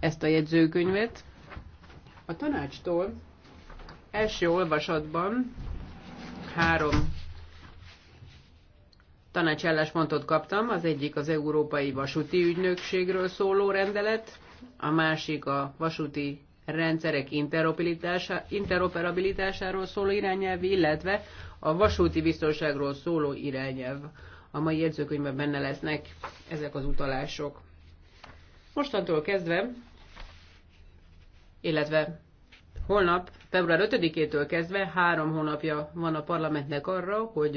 ezt a jegyzőkönyvet. A tanácstól első olvasatban három tanácsálláspontot kaptam. Az egyik az Európai Vasúti Ügynökségről szóló rendelet, a másik a vasúti rendszerek interoperabilitásáról szóló irányelv, illetve a vasúti biztonságról szóló irányelv. A mai jegyzőkönyvben benne lesznek ezek az utalások. Mostantól kezdve illetve holnap, február 5-től kezdve három hónapja van a parlamentnek arra, hogy